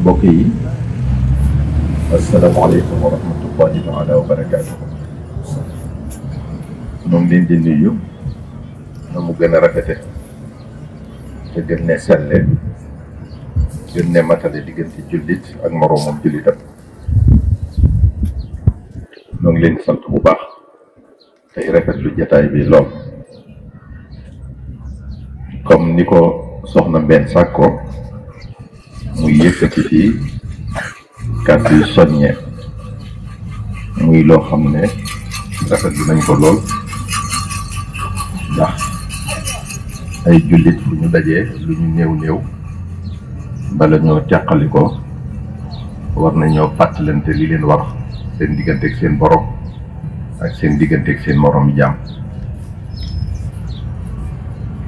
mbokk yi asalaamaaleykum wa rahmatullahi taala wa barakaatuhu ñoo ngi leen di nuyu na gën a rafete te gën ne selle gën ne matale diggante jullit ak moroomam jullitam ñoo ngi leen sant bu baax tey rafetlu jataay bi lool comme ni ko soxna Mbène sàkkoo muy mu ci fii kàddu yu soññee muy loo xam ne rafet bi nañ ko lool ndax ay jullit bu ñu dajee luñu ñu néew néew bala ñoo càqali ko war nañoo fàttalante li leen war seen digganteeg seen borom ak seen digganteeg seen moroom jaam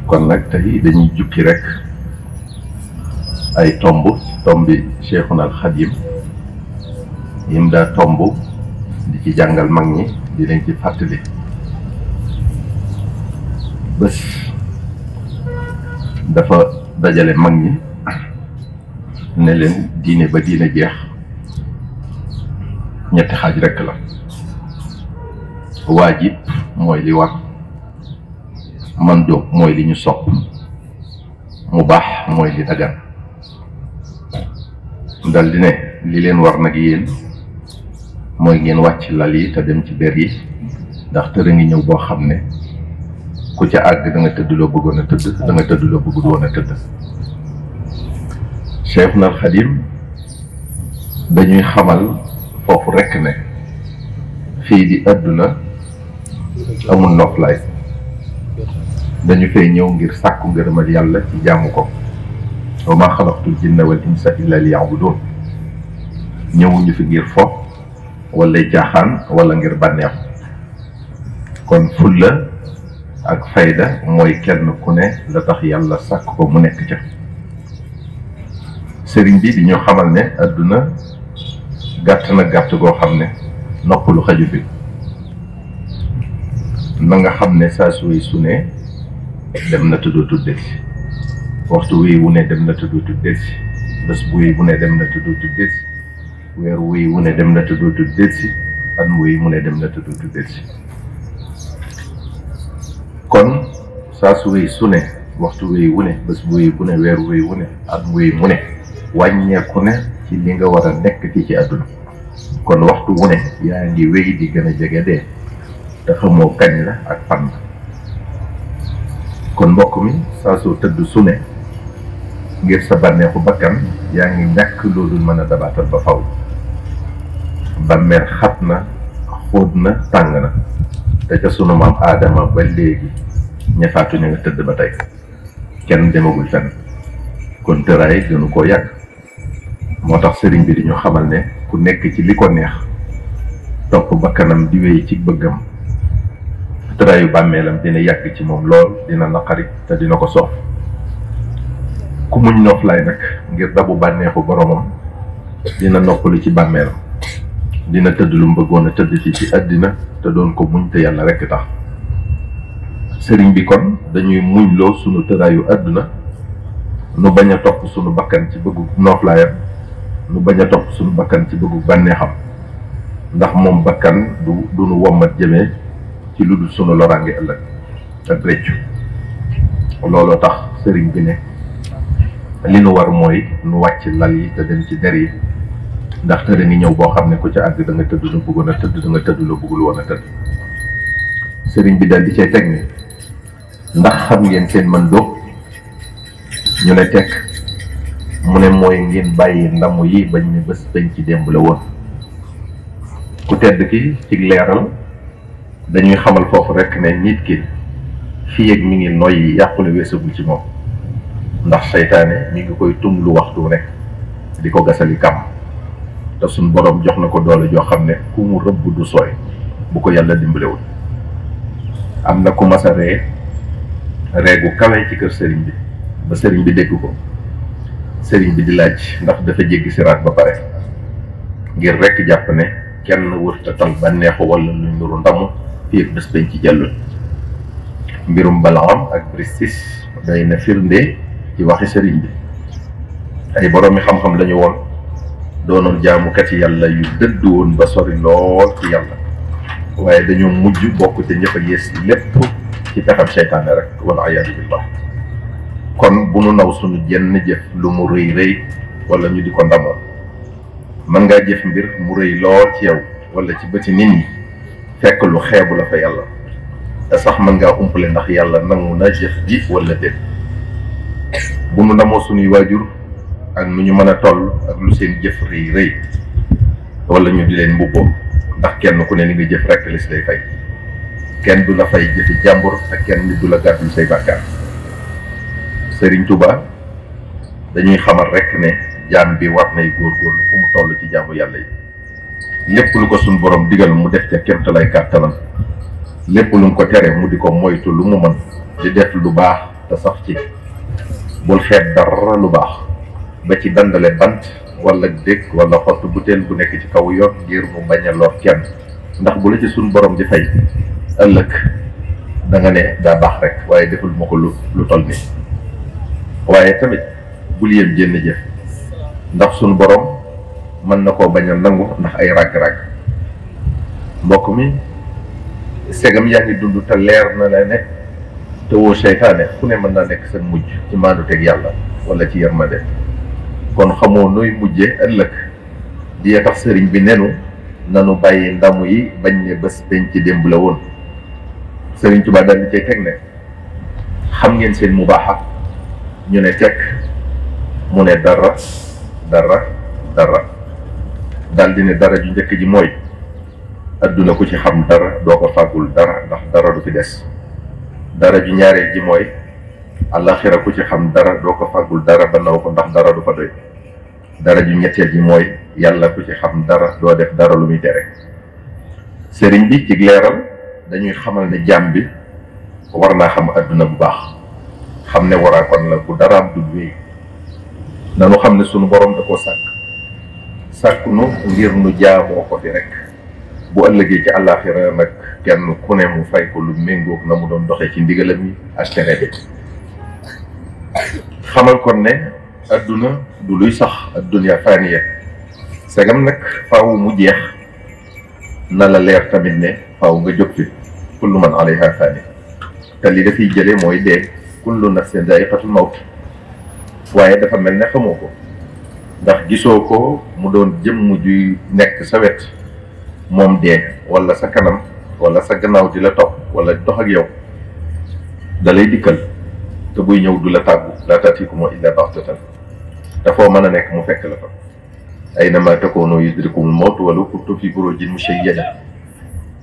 kon nag tey dañuy jukki rek ay tomb tombi Cheikhuna al Xadim yim daa tomb di ci jàngal mag ñi di leen ci fàttali bés dafa dajale mag ñi ne leen diine ba diine jeex ñetti xaaj rekk la waajib mooy li war man doog mooy li ñu sopp mu baax mooy li dagan dal di ne li leen war nag yéen mooy ngeen wàcc lal yi te dem ci ber yi ndax tëra ngi ñëw boo xam ne ku ca àgg da tëdd loo bëggoon a tëdd da nga tëdd loo a tëdd Cheikh Nal dañuy xamal foofu rekk ne fii di àdduna amul noflaay dañu fee ñëw ngir sàkku ngërëmal yàlla ci jaamu ko wa maa xalaqtul jinna wal insa illa liya'budun ñëwuñu fi ngir fo wala jaaxaan wala ngir bànneex kon fulla ak fayda mooy kenn ku ne la tax yàlla sàkk ko mu nekk ca sëriñ bi di xamal ne àdduna gàtt na gàtt goo xam ne noppalu xaju bi na nga xam ne saa suy su ne dem na tudd tuddee waxtu wii wu ne dem na tudd tudd delsi bés buy wu ne dem na tudd wuy wu ne dem na tudd tudd delsi at wuy mu ne dem na tudd tudd delsi kon saa su wéy su ne waxtu wéy wu ne bés buy bu weer wuy wu ne at wuy mu ne wàññeeku ne ci li nga war a nekk fii ci àdduna kon waxtu wu ne yaa ngi wéy di gën a jege dee te xamoo kañ la ak fan kon mbokk mi saa soo tëdd sune ngir sa bànneexu bakkan yaa ngi ñàkk loolu mën a dabaatal ba faw bàmmeel xat na xóot na tàng na te ca maam aadama ba léegi ñafaatu ñu nga tëdd ba tey kenn demagul fenn kon tëraay gënu koo yàgg moo tax sëriñ bi di ñu xamal ne ku nekk ci li ko neex topp bakkanam di wéy ci bëggam tëraayu bàmmeelam dina yàgg ci moom lool dina naqari te dina ko soof ku muñ noflaay nag ngir dabu bànneexu boromam dina noppalu ci bàmmeelam dina tëdd lu mu bëggoon a tëdd ci ci àddina te doon ko muñ te yàlla rekk tax sëriñ bi kon dañuy muñ loo sunu tëraayu àdduna nu bañ a topp sunu bakkan ci bëggu noflaayam nu bañ a topp sunu bakkan ci bëggu bànneexam ndax moom bakkan du du nu wommat jëme ci lu dul sunu loraange ëllëg ak réccu looloo tax sëriñ bi ne li nu war mooy nu wàcc lal yi te dem ci der yi ndax tëdd ngi ñëw boo xam ne ku ca àgg da nga tëdd lu tëdd da nga tëdd lu woon a tëdd sëriñ bi dal di cay teg ni ndax xam ngeen seen mën doo ñu ne tekk mu ne mooy ngeen bàyyi ndamu yi bañ ne bés bañ ci démb la woon ku tedd ki ci leeral dañuy xamal foofu rekk ne nit ki fii ak mi ngi noyyi yàqule weesagul ci moom ndax seytaane mi ngi koy tum lu waxtu nekk di ko gasali kam te suñ borom jox na ko doole joo xam ne ku mu rëbb du sooy bu ko yàlla dimbalewul am na ku mas a ree reegu kawe ci kër sëriñ bi ba sëriñ bi dégg ko sëriñ bi di laaj ndax dafa jéggi siraat ba pare ngir rekk jàpp ne kenn wërta tal bànneexu wala lu nuru ndamu fii bés bañ ci jàllul mbirum balaam ak bristis day na firnde ci waxi sëriñ bi ay boroomi xam-xam lañu woon doonoon jaamukat yàlla yu dëdd woon ba sori lool ci yàlla waaye dañoo mujj bokk te ñëpp a yees lépp ci pexam seytaane rek wala ayaadu billah kon bu nu naw suñu jenn jëf lu mu rëy rëy wala ñu di ko ndamoon mën ngaa jëf mbir mu rëy lool ci yow wala ci bëti nit ñi fekk lu xeebu la fa yàlla te sax mën ngaa umpale ndax yàlla nangu na jëf ji wala déet bu nu ndamoo suñuy waajur ak nu ñu mën a toll ak lu seen jëf rëy rëy walla ñu di leen mbubboo ndax kenn ku ne ni nga jëf rek la lay fay kenn du la fay jëfi jàmbur ak kenn nit du la gàddul say bàkkaar Sëriñ Tuba dañuy xamal rek ne jaan bi war nay góorgóorlu fu mu toll ci jaamu yàlla yi lépp lu ko suñ borom digal mu def ca kéemtalaay kàttanam lépp lu mu ko tere mu di ko moytu lu mu mën di def lu baax te sax ci bul xeet dara lu baax ba ci dandale bant wala dëkk wala xottu butéel bu nekk ci kaw yoon ngir mu bañ a lor kenn ndax bu la ci suñ boroom di fay ëllëg da ne daa baax rek waaye deful ma ko lu toll nii waaye tamit bul yem jénn jëf ndax suñ boroom mën na koo bañ a nangu ndax ay ràgg-ràgg mbokk mi segam yaa ngi dund te leer na la ne te woo seytaane fu ne mën na nekk seen mujj ci maandu teg yàlla wala ci yërmande kon xamoo nuy mujje ëllëg di tax sëriñ bi nenu nanu bàyyi ndamu yi bañ ne bés dañ ci démb la woon sëriñ Tuubaa daal di cay teg ne xam ngeen seen mu baaxa ñu ne tekk mu ne dara dara dara daal ne dara ju njëkk ji mooy adduna ku ci xam dara doo ko fàggul dara ndax dara du fi des dara ju ñaareel ji mooy àllaaxira ku ci xam dara doo ko fàggul dara ba naw ko ndax dara du fa doy dara ji ñetteel ji mooy yàlla ku ci xam dara doo def dara lu muy tere sëriñ bi ci dañuy xamal ne jaam bi war naa xam àdduna bu baax xam ne waraa kon la bu daraam du wéy nanu xam ne sunu borom da koo sàkk sàkk nu ngir nu jaamoo ko rek bu ëllëgee ci àllaaxira nag kenn ku ne mu fay ko lu méngoog na mu doon doxee ci ndigalam yi ak tere bi xamal kon ne adduna du luy sax adduna faniya segam nag faaw mu jeex na la leer tamit ne faaw nga jóg fi kullu man alayha fani te li jële mooy dee kullu nafsin daa'iqatul mawt waaye dafa mel ne xamoo ko ndax gisoo ko mu doon jëm juy nekk sa wet moom dee wala sa kanam wala sa gannaaw di la topp wala dox ak yow da lay dikkal te buy ñëw du la tàggu laa taatiikumu illaa baxtatan dafoo mën a nekk mu fekk la fa aynamaa takuunuu yudrikumul mawt walaw kuntum fii buruujin mushayyada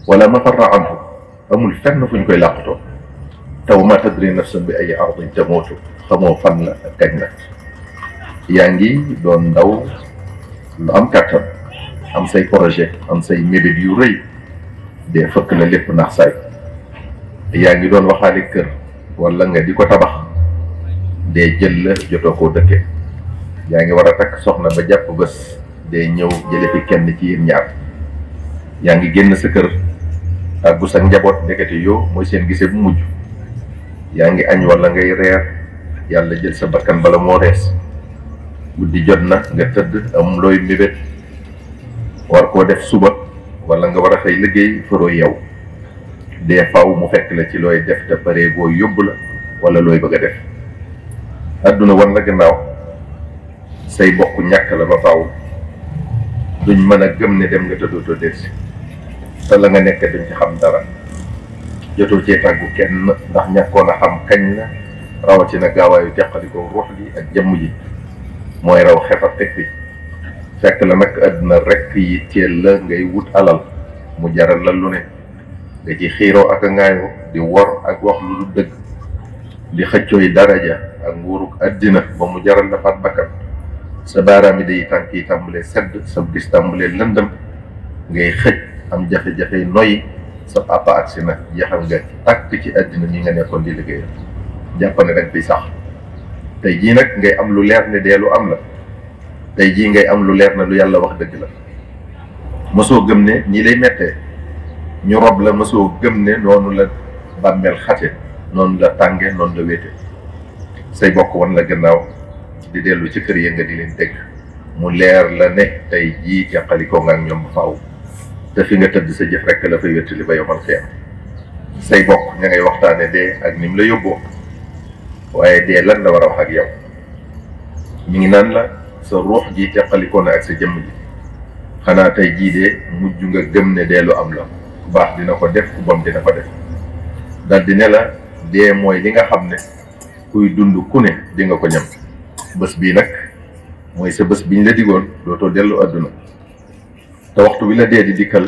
wala mafarra anhu amul fenn fu ñu koy làqatoo taw ma tadri nafsun bi ay ardin tamuutu xamoo fan la ak kañ la yaa ngi doon am kàttan am say projet am say mébét yu rëy dee fëkk la lépp ndax saay yaa ngi doon waxaale kër wala nga di ko tabax dee jël la jotoo koo dëkke yaa ngi war a takk soxna ba jàpp bés dee ñëw jële fi kenn ci yéen ñaar yaa ngi génn sa kër ak bu sa njaboot ndekete yoo mooy seen gise bu mujj yaa ngi añ walla ngay reer yàlla jël sa bakkan bala moo rees guddi jot na nga tëdd am looy mébét war koo def suba wala nga war a xëy liggéey faroo yow dee faw mu fekk la ci looy def te paree boo yóbbu la wala looy bëgg a def adduna war la gannaaw say bokk ñàkk la ba faw luñ mën a gëm ne dem nga te dootoo delsi te la nga nekk da ci xam dara jotoo cee tàggu kenn ndax ñàkkoon a xam kañ la rawatina gaawaayu teqalikoo ruux gi ak jëmm ji mooy raw xefat teg bi fekk la nag àdduna rekk yitteel la ngay wut alal mu jaral la lu ne nga ci xiiroo ak a ngaayoo di wor ak wax lu du dëgg di xëccooy daraja ak nguurug àddina ba mu jaral la faat bakkan sa baaraami day tànk yi tàmbalee sedd sa leen tàmbalee lëndëm ngay xëj am jafe-jafe noyyi sa papa ak si nag jeexal nga tàkk ci àddina ñi nga nekkoon di liggéeyal jàpp ne rek bi sax tey jii nag ngay am lu leer ne dee lu am la tey jii ngay am lu leer na lu yàlla wax dëgg la mosoo gëm ne ñii lay mettee ñu rob la mosoo gëm ne noonu la bàmmeel xate noonu la tànge noonu la wéete say bokk wan la gannaaw di dellu ci kër ya nga di leen dégg mu leer la ne tey jii jàqalikoo nga ak ñoom ba faaw te fi nga tëdd sa jëf rekk la fay wéttali ba yomal xeem say bokk ña ngay waxtaane dee ak ni mu la yóbboo waaye dee lan la war a wax ak yow mi ngi naan la sa ruux ji teqalikoo ak sa jëmm ji xanaa tey jii de mujj nga gëm ne dee am la baax dina ko def ku bon dina ko def dal di ne la dee mooy li nga xam ne kuy dund ku ne di nga ko ñam bës bii nag mooy sa bës biñ la digoon dootoo dellu àdduna te waxtu wi la dee di dikkal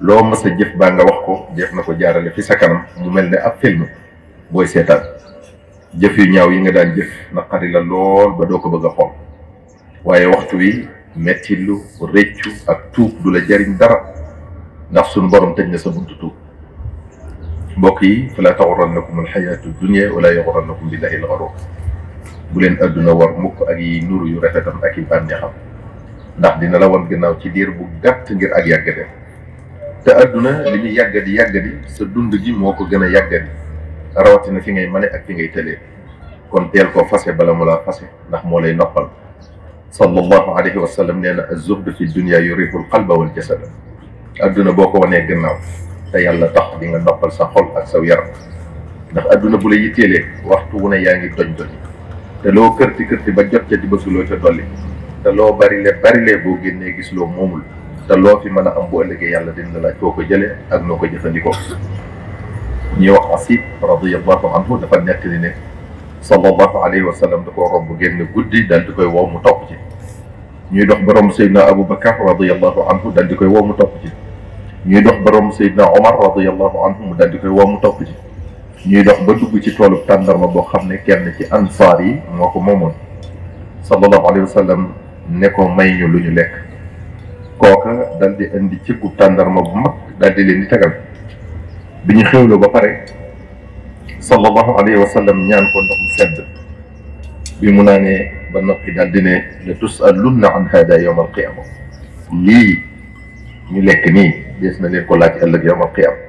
loo mës a jëf baa nga wax ko def na ko jaarale fi sa kanam mu mel ne ab film booy seetaan jëf yu ñaaw yi nga daan jëf naqari la lool ba doo ko bëgg a xool waaye waxtu wi mettilu rëccu ak tuub du la jariñ dara ndax sunu borom tëj na sa buntu tuub mbokk yi fala taxurannakum alxayaatu dunia wala yaxurannakum billahi alxaruur bu leen adduna war mukk ak yi nuru yu rafetam ak i bànneexam ndax dina la wan gannaaw ci diir bu gàtt ngir ak yàggate te adduna li ñu yàggadi di sa dund gi moo ko gën a yàggadi rawatina fi ngay mane ak fi ngay tëlee kon teel ko fase bala mu laa fase ndax moo lay noppal sallallahu alayhi wa sallam nee na az-zuhd fi dunya yurihu al-qalba wal jasad adduna boo ko wanee gannaaw te yàlla tax di nga noppal sa xol ak saw yaram ndax adduna bu la yitteelee waxtu wu ne yaa ngi doñ doñ te loo kërti kërti ba jot ca di bëggloo ca dolli te loo barile barile boo génnee gis loo moomul te loo fi mën a am bu ëllëgee yàlla dina laaj koo ko jëlee ak noo ko jëfandikoo ñuy wax asib radiyallahu anhu dafa nekk ni ne sallallahu alayhi wa sallam da koo romb génn guddi dal di koy woo mu topp ci ñuy dox ba romb Seydina Aboubacar radiallahu anhu dal di koy woo mu topp ci ñuy dox ba romb Seydina Omar radiallahu anhu mu dal di koy mu topp ñuy dox ba dugg ci toolub tàndarma boo xam ne kenn ci ansaar yi moo ko moomoon sallallahu alayhi wa sallam ne may ñu lu ñu lekk kooka dal di indi ciggub tàndarma bu mag dal di leen di tegal bi ñu xewloo ba pare sallallahu alayhi wa sallam ñaan ko ndox mu sedd bi mu naanee ba noppi daal di ne la tusalunna an hada yowm al qiyama lii ñu lekk nii des na leen ko laaj ëllëg yowm al qiyama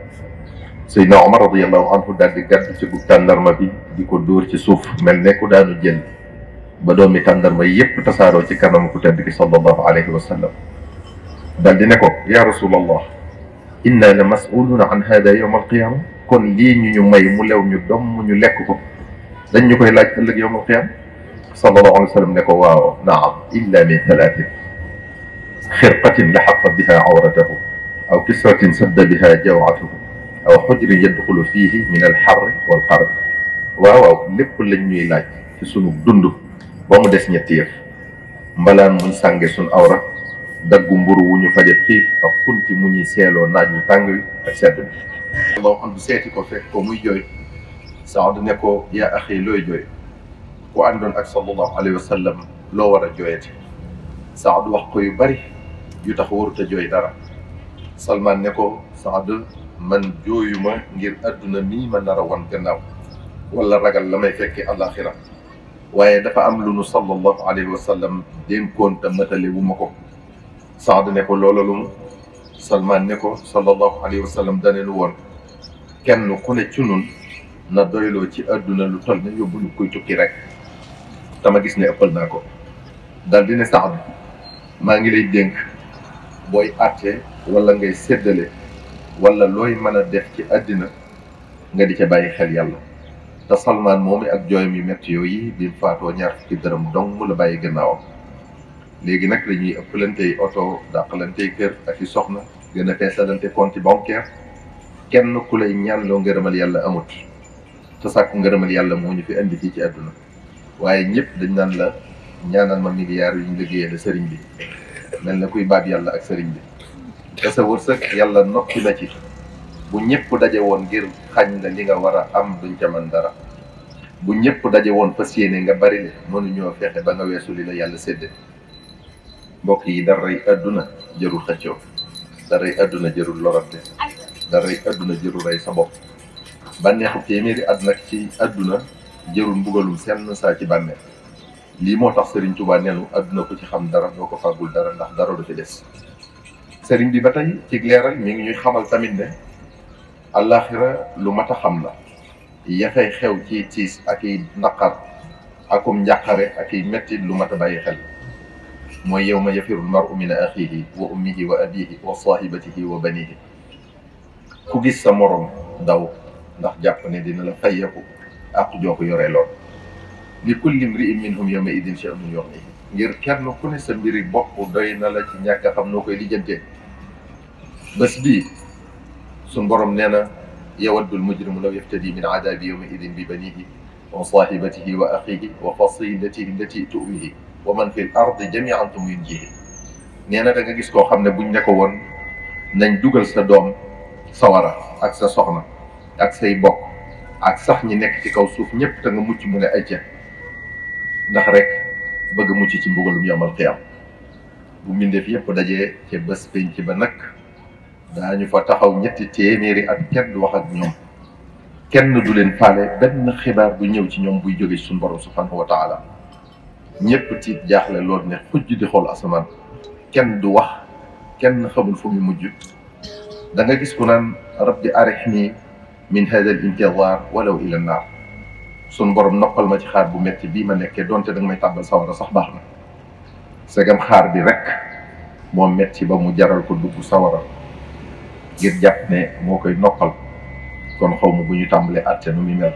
Seydina Omar radiallahu anhu daal di gàddu ci gub tàndarma bi di ko dóor ci suuf mel ne ku daanu jël ba doomi tàndarma yépp tasaaroo ci kanam ku tedd ki sallallahu alayhi wa sallam daal di ne ko ya rasulallah inna la masuluna an hada yowm al qiyama kon lii ñu ñu may mu lew ñu doom ñu lekk ko dañ ñu koy laaj ëllëg yow ma xiyam sallallahu alayhi wa sallam ne ko waaw naam illa min talaatin xirqatin laxaqa biha awratahu aw kisratin sadda biha jawatahu aw xujrin yadxulu fiihi min alxarri walxarri waaw waaw lépp lañ ñuy laaj ci sunu dund ba mu des ñetti yëf mbalaan muñ sànge suñ awra daggu mburu wu ñu faje xiif ak mu ñuy seeloo naaj yu tàng ak sedd bi moo seeti ko fekk ko muy jooy Saad ne ko yaa axi looy jooy ku àndoon ak wa sallam loo war a jooyati Saad wax ko yu bari yu tax warut a jooy dara Salman ne ko Saad man jooyuma ngir àdduna mii ma nar a wan gannaaw wala ragal la may fekke àllaaxira waaye dafa am lu nu sallallahu alayhi wa sallam dénkoon wu ma ko Saad ne ko loola lu mu Salman ne ko sallallahu alayhi wa sallam dane lu woon kenn ku ne ci nun na doyloo ci àdduna lu toll na yóbbu lu koy tukki rek dama gis ne ëppal naa ko dal di ne Saad maa ngi lay dénk booy àtte wala ngay séddale wala looy mën a def ci àddina nga di ca bàyyi xel yàlla te Salman moom mi ak jooy mi metti yooyu bi faatoo ñaar fukki dërëm dong mu la bàyyi gannaawam léegi nag la ñuy ëppalantey oto dàqalantey kër ak i soxna gën a feesalante compte bancaire kenn ku lay ñaanloo ngërëmal yàlla amut te sàkku ngërëmal yàlla moo ñu fi indi fii ci àdduna waaye ñëpp dañ naan la ñaanal ma milliards yu ñu liggéeyee la sëriñ bi mel na kuy baat yàlla ak sëriñ bi te sa wërsëg yàlla noppi la ci bu ñëpp daje woon ngir xañ na li nga war am duñ ca mën dara bu ñëpp daje woon fas yéene nga bari le mënuñoo fexe ba nga weesu li la yàlla séddee mbokk yi daray àdduna jërul xëccoo daray àdduna jërul lorante daray àdduna jërul rey sa bopp bànneexu téeméeri at ci àdduna jërul mbugalum senn saa ci bànneex lii moo tax Serigne Touba nenu àdduna ko ci xam dara doo ko fàggul dara ndax dara du ci des sëriñ bi ba tey ci leeral mi ngi ñuy xamal tamit ne àllaaxira lu mat a xam la yafay xew ci tiis ak i naqar akum njàqare ak i metti lu mat a bàyyi xel mooy yow ma yafiru lmaru min axihi wa ummihi wa abihi wa sahibatihi wa banihi ku gis sa morom daw ndax jàpp ne dina la fayeeku ak joo ko yore lool li kulli mri'in minhum yawma idin sha'nun yughnihi ngir kenn ku ne sa mbiri bopp doy na la ci ñàkk a xam noo koy lijjantee bés bii suñ borom nee na yawaddul mujrimu law yaftadi min adabi yawma idin bi banihi wa sahibatihi wa axihi wa fasilatihi allati tu'mihi wa man fil ardi jami'an tunjihi nee na da nga gis koo xam ne buñ ne ko woon nañ dugal sa doom sawara ak sa soxna ak say bokk ak sax ñi nekk ci kaw suuf ñëpp te nga mucc mu ne ay ceeb ndax rek bëgg mucc ci mbugalum yomal xiyam bu mbindeef yëpp dajee ca bés ci ba nag ñu fa taxaw ñetti téeméeri ak kenn du wax ak ñoom kenn du leen faale benn xibaar bu ñëw ci ñoom buy jóge ci suñu borom subhanahu wa ñëpp tiit jaaxle lool ne xujj di xool asamaan kenn du wax kenn xamul fu mu mujj danga gis ku naan rabbi arixni min hada al intidar walaw ila naar sun borom noppal ma ci xaar bu metti bii ma nekkee donte da nga may tàbbal sawara sax baax na segam xaar bi rek moom metti ba mu jaral ko dugg sawara ngir jàpp ne moo koy noppal kon xaw ma bu ñu tàmbalee àtte nu muy mel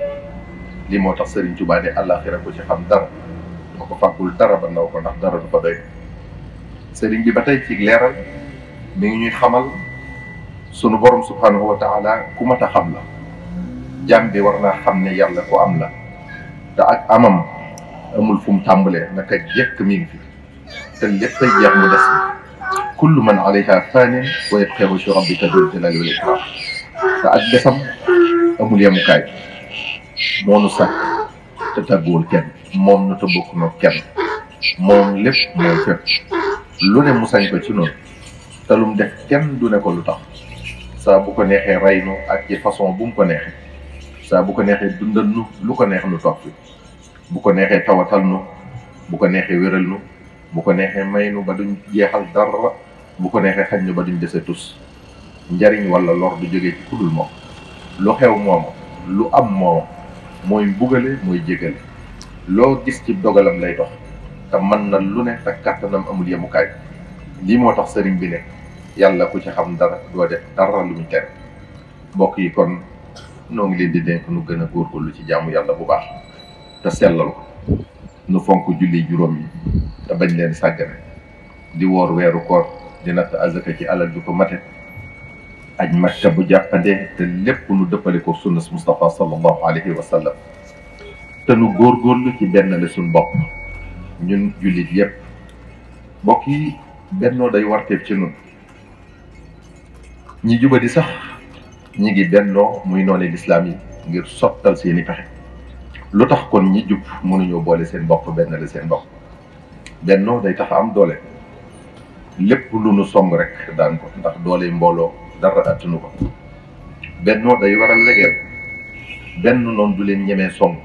li moo tax Sëriñ Tuubaa ne àllaaxira ko ci xam dara duma ko fàggul dara ba ndaw ko ndax dara du ko doy sëriñ bi ba tey ci leeral mi ngi ñuy xamal sunu borom subhanahu wa ku ma a xam la jàmm bi war naa xam ne yàlla ko am na te ak amam amul fu mu na naka jekk mi ngi fi te lépp ay jeex mu des kullu man alayha fanin wa yabqa wajhu rabbika dul jalali wal ikram te ak desam amul yemukaay moonu sàkk te tàgguwul kenn moom ñu te bokk na kenn moom lépp moom lu ne mu sañ ko ci noonu te lu def kenn du ne ko lu tax saa bu ko neexee rey nu ak ci façon bu mu ko neexee saa bu ko neexee dundal nu lu ko neex nu topp bu ko neexee tawatal nu bu ko neexee wéral nu bu ko neexee may nu ba duñ jeexal dara bu ko neexee xañ nu ba duñ dese tus njariñ walla lor du jógee ci kudul moom lu xew moom lu am moom mooy mbugale mooy jégale loo gis ci dogalam lay dox te man na lu ne te kàttanam amul yemukaay lii moo tax sëriñ bi ne yàlla ku ci xam dara doo def dara lu tere mbokk yi kon noo ngi leen di dénk nu gën a lu ci jaamu yàlla bu baax te sellal ko nu fonk julli juróom yi te bañ leen sàggane di woor weeru koor di natt azaka ci alal ju ko mate aj makka bu jàppandee te lépp nu dëppale ko sunnas Mustafa sallallahu alayhi wa sallam te góor góorgóorlu ci benn la suñ bopp ñun jullit yépp mbokk yi bennoo day warteef ci nun ñi di sax ñi ngi bennoo muy noone lislaam yi ngir sottal seeni pexe lu tax kon ñi jub mënuñoo boole seen bopp benn la seen bopp bennoo day tax am doole lépp lu nu song rek daan ko ndax doole mbooloo dara attanu ko bennoo day waral legeel benn noonu leen ñemee song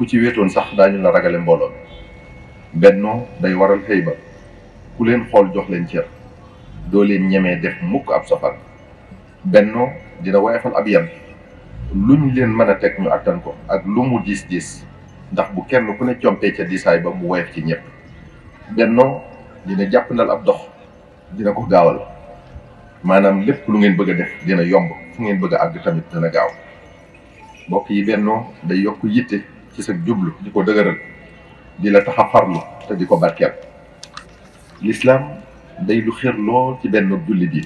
ku ci wéetoon sax daañu la ragale mbooloo mi bennoo day waral xëy ba ku leen xool jox leen cër doo leen ñemee def mukk ab safar bennoo dina woyofal ab yam luñ leen mën a teg ñu àttan ko ak lu mu diis diis ndax bu kenn ku ne compee ca diisaay ba mu woyof ci ñëpp bennoo dina jàppandal ab dox dina ko gaawal maanaam lépp lu ngeen bëgg a def dina yomb fu ngeen bëgg àgg tamit dina gaaw mbokk yi bennoo day yokk yitte ci sa jublu di ko dëgëral di la tax a farlu te di ko barkeel lislaam day lu xir lool ci benn jullit yi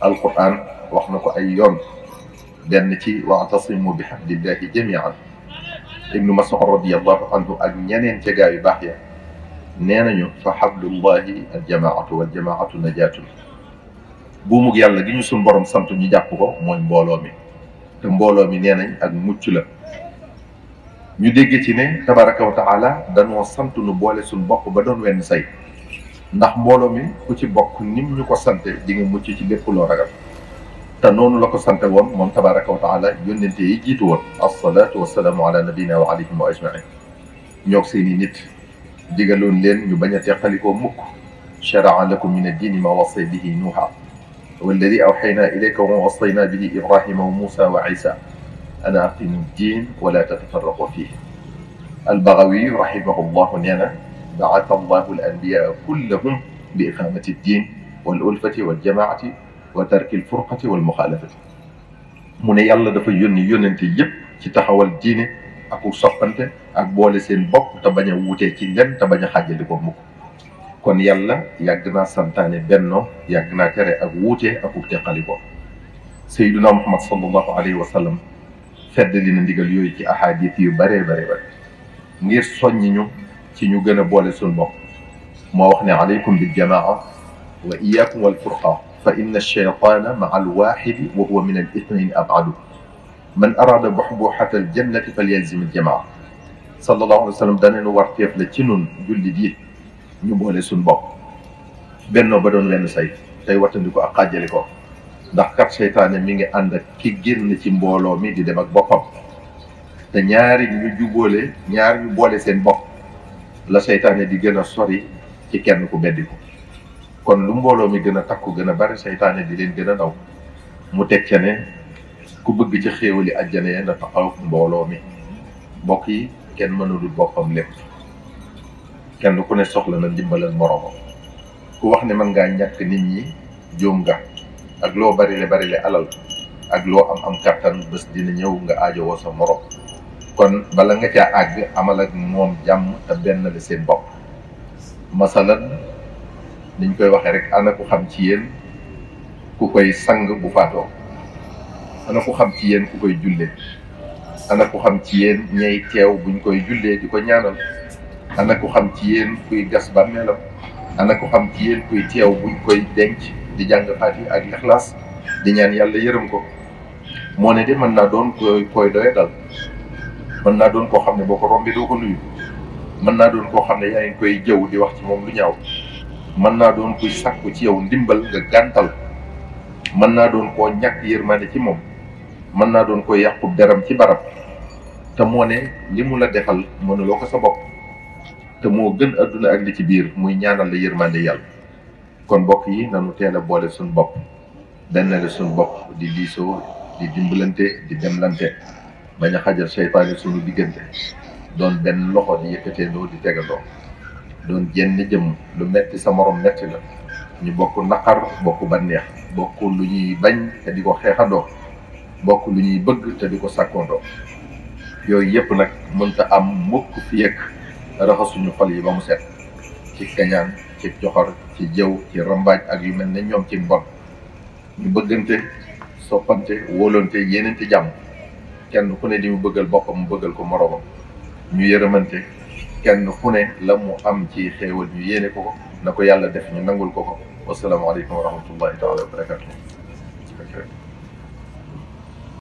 alquran wax na ko ay yoon benn ci waatasimu bi xablillahi jamian ibnu mas'ud radiallahu anhu ak ñeneen ca gaa yu baax ya nee nañu fa xablullahi aljamaatu waljamaatu najaatun buumug yàlla gi ñu suñ borom sant ñu jàpp ko mooy mbooloo mi te mbooloo mi nee nañ ak mucc la ñu dégg ci ne tabaraka wa taala danoo sant nu boole suñ bopp ba doon wenn say ndax mbooloo mi ku ci bokk nim ñu ko sante di nga mucc ci lépp loo ragal te noonu la ko sante woon moom tabaraka wa taala yónnente yi jiitu woon assalaatu wassalaamu ala nabina wa alayhim wa ajmain ñoog seeni nit digaloon leen ñu bañ a teqalikoo mukk sharaa lakum min addiini ma wasay bihi nuuha walladi awxayna ilayka wa ma wasayna bihi ibrahima wa muusa wa isa an aqimu diin wala tatafarraqu fihi albaxawi rahimahu llahu nee na baata allahu al anbiyaa kullahum bi iqaamati diin wal ulfati wal jamaati wa tarki al furqati wal muxaalafati mu ne yàlla dafa yónni yónnante yépp ci taxawal diine ak soppante ak boole seen bopp te bañ a wuutee ci len te bañ a xàjjali ko mukk kon yàlla yàgg naa santaane bennoo yàgg naa tere ak wuutee ak teqali ko sayyiduna muhammad sallallahu alayhi wa sallam fedd dina ndigal yooyu ci ahadit yu bëree bëri bëri ngir soññi ñu ci ñu gën a boole suñu bopp moo wax ne alaykum bil jamaa wa iyakum wal furqa fa inna alcheytana maa alwaxidi wa huwa min al ithnain abadu man araada buxbuxata al jannati fal yalzim al jamaa sallallahu alayhi wa sallam daneen la ci nun jullit yi ñu boole suñu bopp bennoo ba doon wenn say tey wattandi ko ak xàjjali ko ndax kat seytaane mi ngi ànd ak ki génn ci mbooloo mi di dem ak boppam te ñaari ñu jubóole ñaari ñu boole seen bopp la seytaane di gën a sori ci kenn ku beddi ko kon lu mbooloo mi gën a takku gën a bari seytaane di leen gën a daw mu teg ca ne ku bëgg ci xéewali àjjana ya na taxaw mbooloo mi mbokk yi kenn mënulul boppam lépp kenn ku ne soxla na ndimbalal moroomam ku wax ne mën ngaa ñàkk nit ñi jóom nga ak loo bari barile alal ak loo am am kàttan bés dina ñëw nga aajowoo sa morom kon bala nga caa àgg amal ak moom jàmm te benn la seen bopp masalan niñ koy waxee rek ana ku xam ci yéen ku koy sang bu faatoo ana ku xam ci yéen ku koy jullee ana ku xam ci yéen buñ koy jullee di ko ñaanal ku xam ci yéen kuy gas bàmmeelam ana ku xam ci yéen kuy teew buñ koy denc di jàng faati ak ixlaas di ñaan yàlla yërëm ko moo ne de mën naa doon koy doye dal naa doon koo xam ne boo ko rombee ko nuyu mën naa doon koo xam ne yaa ngi koy jëw di wax ci moom lu ñaaw mën naa doon kuy sàkku ci yow ndimbal nga gàntal mën naa doon koo ñàkk yërmande ci moom mën naa doon koy yàqub deram ci barab te moo ne li mu la defal mënuloo ko sa bopp te moo gën àdduna ak li ci biir muy ñaanal la yërmande yàlla kon mbokk yi nanu teel a boole suñu bopp bennale suñu bopp di diisoo di dimbalante di demlante bañ a xajal seytaane suñu diggante doon benn loxo di yëkkateendoo di tegandoo doon jenn jëm lu metti sa morom metti la ñu bokk naqar bokk banneex bokk lu ñuy bañ te di ko xeexandoo bokk lu ñuy bëgg te di ko sàkkoondoo yooyu yëpp nag mënta am mukk fi yëkk raxasuñu xol yi ba mu set ci keñaan ci joxor ci jëw ci rambaaj ak yu mel ne ñoom ci mbon ñu bëggante soppante wóolante yéenante jàmm kenn ku ne di mu bëggal boppam mu bëggal ko moroomam ñu yërëmante kenn ku ne la mu am ci xewal ñu yéene ko ko na ko yàlla def ñu nangul ko ko wasalaamaaleykum wa rahmatullahi taala wa barakatuh